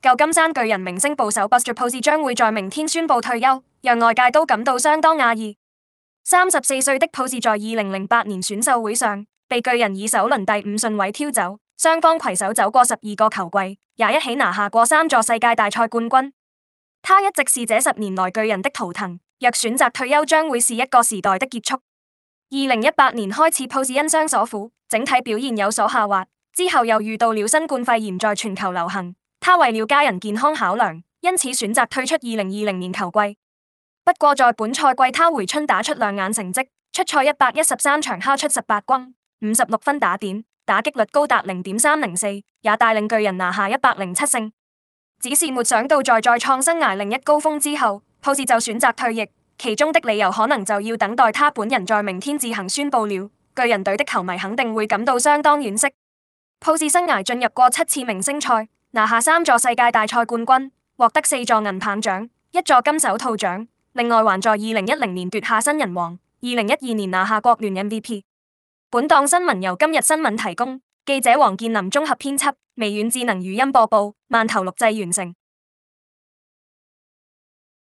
舊金山巨人明星捕手 Buster Posey 將會在明天宣布退休，讓外界都感到相當訝異。三十四歲的 Posey 在二零零八年選秀會上被巨人以首輪第五順位挑走，雙方攜手走過十二個球季，也一起拿下過三座世界大賽冠軍。他一直是這十年來巨人的圖騰。若選擇退休，將會是一個時代的結束。二零一八年開始 Posey 因傷所苦，整體表現有所下滑，之後又遇到了新冠肺炎在全球流行。他為了家人健康考量，因此選擇退出二零二零年球季。不過在本賽季，他回春打出亮眼成績，出賽一百一十三場敲出18轟五十六分打點，打擊率高達0.304，也帶領巨人拿下一百零七勝。只是沒想到在再創生涯另一高峰之後，Posey 就選擇退役，其中的理由可能就要等待他本人在明天自行宣布了。巨人隊的球迷肯定會感到相當惋惜。Posey 生涯進入過七次明星賽。拿下三座世界大賽冠軍，獲得四座銀棒獎、一座金手套獎，另外還在二零一零年奪下新人王，二零一二年拿下國聯 MVP。本檔新聞由今日新聞提供，記者王健林綜合編輯，微軟智能語音播報，萬頭錄製完成。